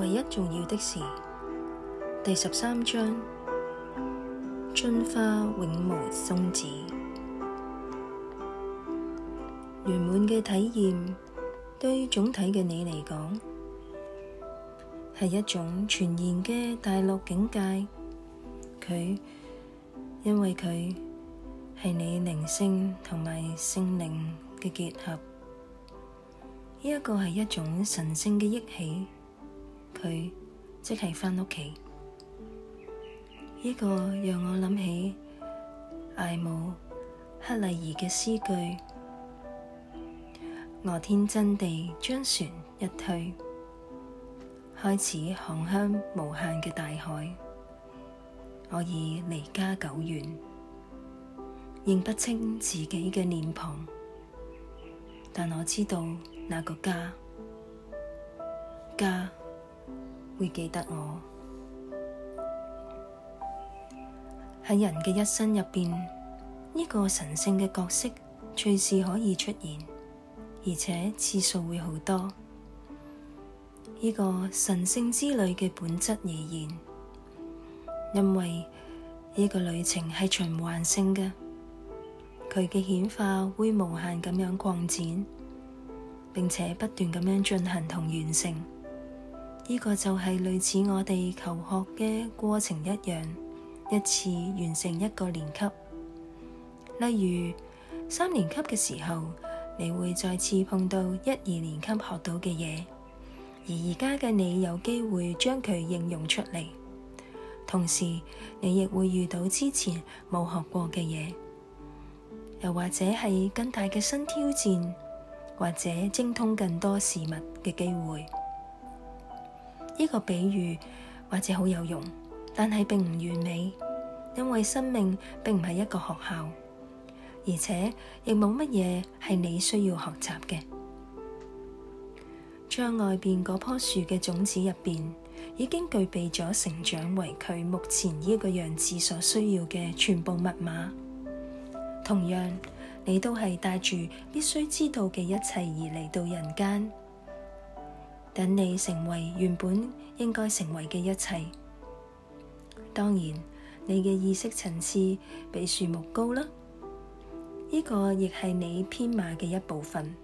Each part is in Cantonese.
唯一重要的事第十三章：進化永無終止。圓滿嘅體驗，對於總體嘅你嚟講，係一種全然嘅大樂境界。佢因為佢係你靈性同埋聖靈嘅結合，呢、這、一個係一種神聖嘅憶起。佢即係返屋企。呢、這個讓我諗起艾姆克麗兒嘅詩句：我天真地將船一推，開始航向無限嘅大海。我已離家久遠，認不清自己嘅臉龐，但我知道那個家，家。會記得我喺人嘅一生入邊，呢個神聖嘅角色隨時可以出現，而且次數會好多。呢個神聖之旅嘅本質而言，因為呢個旅程係循環性嘅，佢嘅顯化會無限咁樣擴展，並且不斷咁樣進行同完成。呢個就係類似我哋求學嘅過程一樣，一次完成一個年級。例如三年級嘅時候，你會再次碰到一二年級學到嘅嘢，而而家嘅你有機會將佢應用出嚟，同時你亦會遇到之前冇學過嘅嘢，又或者係更大嘅新挑戰，或者精通更多事物嘅機會。呢個比喻或者好有用，但係並唔完美，因為生命並唔係一個學校，而且亦冇乜嘢係你需要學習嘅。窗外邊嗰棵樹嘅種子入邊，已經具備咗成長為佢目前呢個樣子所需要嘅全部密碼。同樣，你都係帶住必須知道嘅一切而嚟到人間。等你成為原本應該成為嘅一切。當然，你嘅意識層次比樹木高啦，呢個亦係你編碼嘅一部分。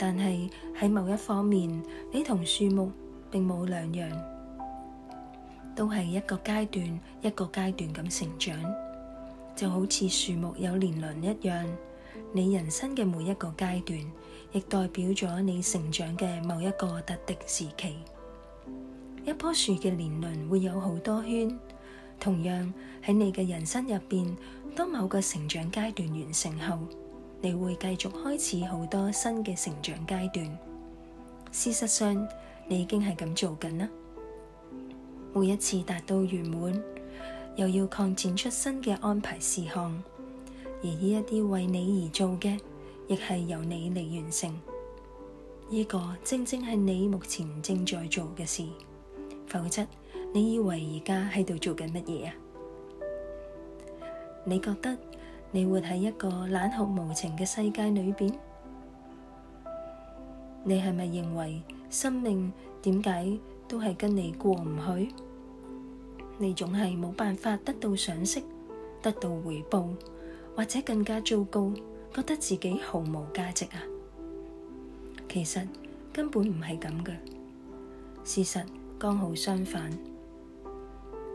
但係喺某一方面，你同樹木並冇兩樣，都係一個階段一個階段咁成長，就好似樹木有年輪一樣。你人生嘅每一個階段，亦代表咗你成長嘅某一個特定時期。一棵樹嘅年輪會有好多圈，同樣喺你嘅人生入邊，當某個成長階段完成後，你會繼續開始好多新嘅成長階段。事實上，你已經係咁做緊啦。每一次達到圓滿，又要擴展出新嘅安排事項，而呢一啲為你而做嘅。亦係由你嚟完成，呢、呢個正正係你目前正在做嘅事。否則，你以為而家喺度做緊乜嘢啊？你覺得你活喺一個冷酷無情嘅世界裏邊？你係咪認為生命點解都係跟你過唔去？你總係冇辦法得到賞識、得到回報，或者更加糟糕？覺得自己毫無價值啊！其實根本唔係咁嘅。事實剛好相反。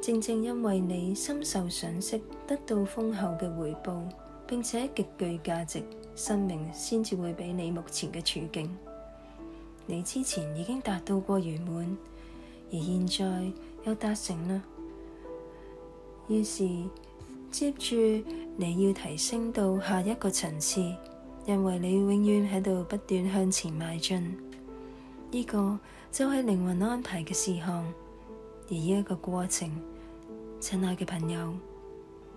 正正因為你深受賞識，得到豐厚嘅回報，並且極具價值，生命先至會畀你目前嘅處境。你之前已經達到過圓滿，而現在又達成啦。於是。接住你要提升到下一個層次，因為你永遠喺度不斷向前邁進，呢個就係靈魂安排嘅事項，而呢一個過程，親愛嘅朋友，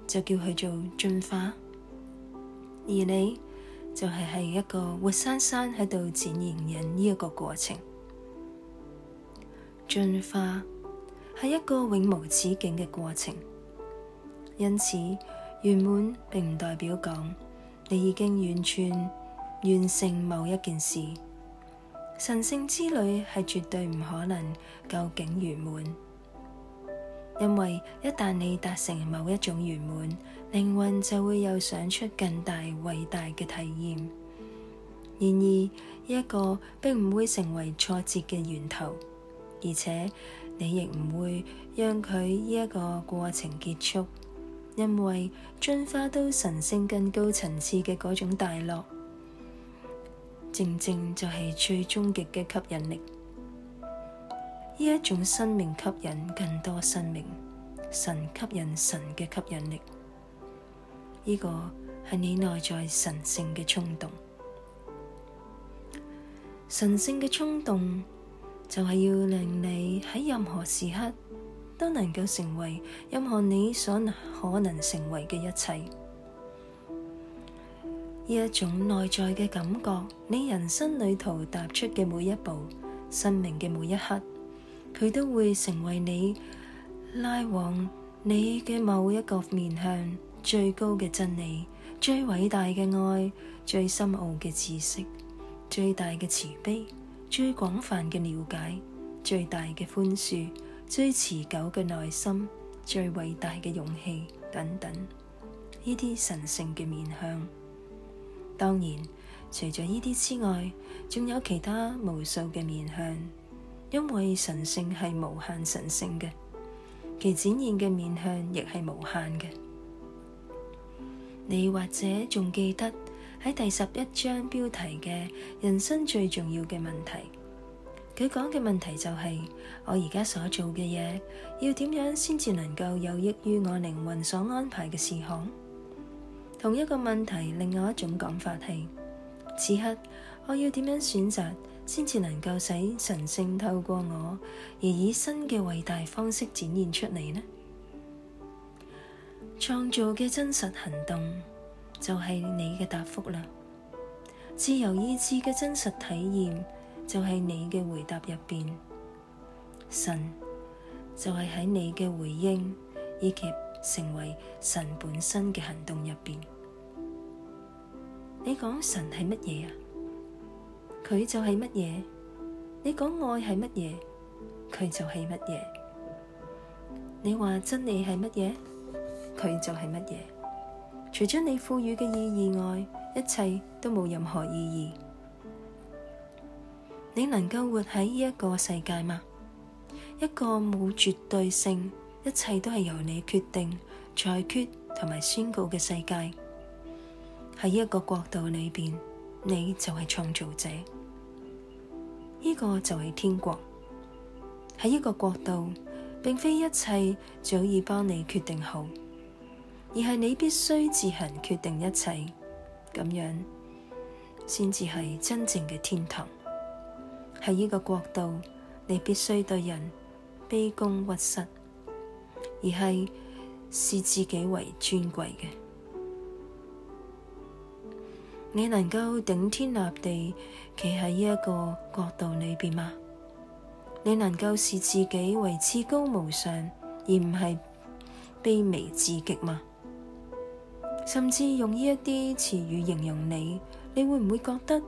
就叫佢做進化，而你就係係一個活生生喺度展現人呢一個過程，進化係一個永無止境嘅過程。因此，圓滿並唔代表講你已經完全完成某一件事。神聖之旅係絕對唔可能究竟圓滿，因為一旦你達成某一種圓滿，靈魂就會有想出更大偉大嘅體驗。然而，呢一個並唔會成為挫折嘅源頭，而且你亦唔會讓佢呢一個過程結束。因為進化到神聖更高層次嘅嗰種大樂，正正就係最終極嘅吸引力。呢一種生命吸引更多生命，神吸引神嘅吸引力。呢、這個係你內在神聖嘅衝動，神聖嘅衝動就係要令你喺任何時刻，都能夠成為任何你所能可能成為嘅一切，呢一種內在嘅感覺，你人生旅途踏出嘅每一步，生命嘅每一刻，佢都會成為你拉往你嘅某一個面向，最高嘅真理、最偉大嘅愛、最深奧嘅知識、最大嘅慈悲、最廣泛嘅了解、最大嘅寬恕。最持久嘅耐心，最偉大嘅勇氣，等等，呢啲神聖嘅面向。當然，除咗呢啲之外，仲有其他無數嘅面向。因為神聖係無限神聖嘅，其展現嘅面向亦係無限嘅。你或者仲記得喺第十一章標題嘅人生最重要嘅問題？佢講嘅問題就係我而家所做嘅嘢，要點樣先至能夠有益於我靈魂所安排嘅事項？同一個問題，另外一種講法係：此刻我要點樣選擇，先至能夠使神聖透過我而以新嘅偉大方式展現出嚟呢？創造嘅真實行動就係你嘅答覆啦！自由意志嘅真實體驗。就係你嘅回答入邊，神就係喺你嘅回應以及成為神本身嘅行動入邊。你講神係乜嘢啊？佢就係乜嘢？你講愛係乜嘢？佢就係乜嘢？你話真理係乜嘢？佢就係乜嘢？除咗你賦予嘅意義外，一切都冇任何意義。你能夠活喺呢一個世界嗎？一個冇絕對性，一切都係由你決定，裁決同埋宣告嘅世界。喺呢一個國度裏邊，你就係創造者。呢個就係天國。喺呢個國度，並非一切早已幫你決定好，而係你必須自行決定一切，咁樣先至係真正嘅天堂。喺呢個國度，你必須對人卑躬屈膝，而係視自己為尊貴嘅。你能夠頂天立地企喺呢一個國度裏邊嗎？你能夠視自己為至高無上，而唔係卑微至極嗎？甚至用呢一啲詞語形容你，你會唔會覺得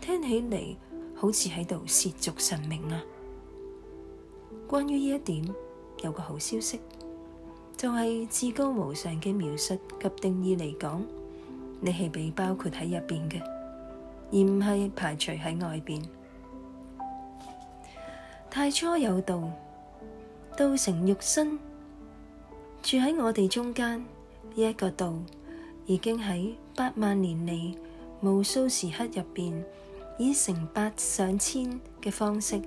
聽起嚟？好似喺度褻瀆神明啊！關於呢一點，有個好消息，就係、是、至高無上嘅描述及定義嚟講，你係被包括喺入邊嘅，而唔係排除喺外邊。太初有道，道成肉身，住喺我哋中間呢一、這個道，已經喺八萬年嚟無數時刻入邊，以成百上千嘅方式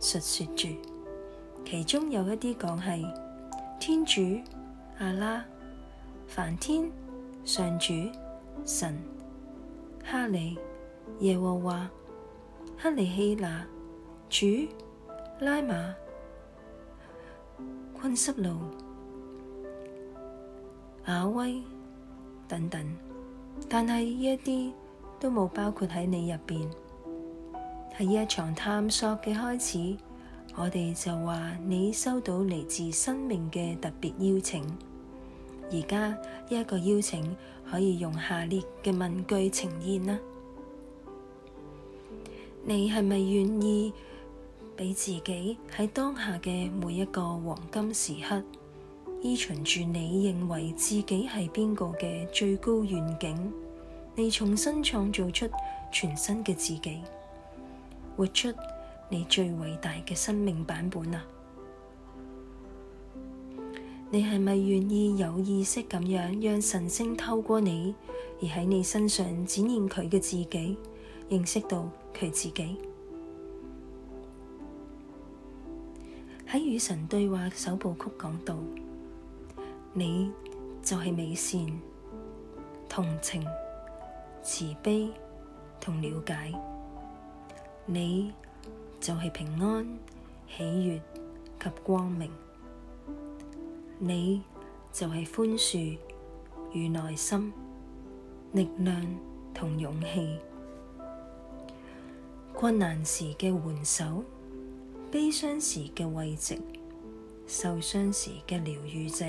述說住，其中有一啲講係天主、阿拉、梵天、上主、神、哈利、耶和華、哈利希那、主、拉馬、昆濕路、阿威等等，但係呢一啲。都冇包括喺你入邊，喺呢一場探索嘅開始。我哋就話你收到嚟自生命嘅特別邀請，而家一個邀請可以用下列嘅問句呈現啦：你係咪願意俾自己喺當下嘅每一個黃金時刻，依循住你認為自己係邊個嘅最高願景？你重新創造出全新嘅自己，活出你最偉大嘅生命版本啊！你係咪願意有意識咁樣讓神聖透過你而喺你身上展現佢嘅自己，認識到佢自己？喺與神對話首部曲講到，你就係美善同情、慈悲同了解，你就係平安、喜悅及光明；你就係寬恕與耐心、力量同勇氣。困難時嘅援手，悲傷時嘅慰藉，受傷時嘅療愈者，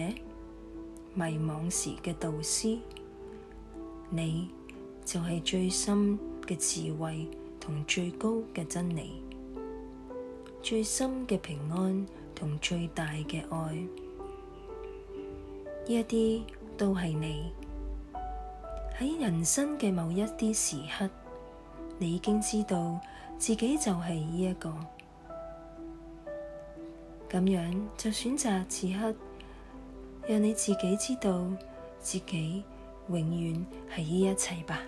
迷惘時嘅導師，你，就係最深嘅智慧同最高嘅真理，最深嘅平安同最大嘅愛，呢一啲都係你喺人生嘅某一啲時刻，你已經知道自己就係呢一個，咁樣就選擇此刻，讓你自己知道自己永遠係呢一切吧。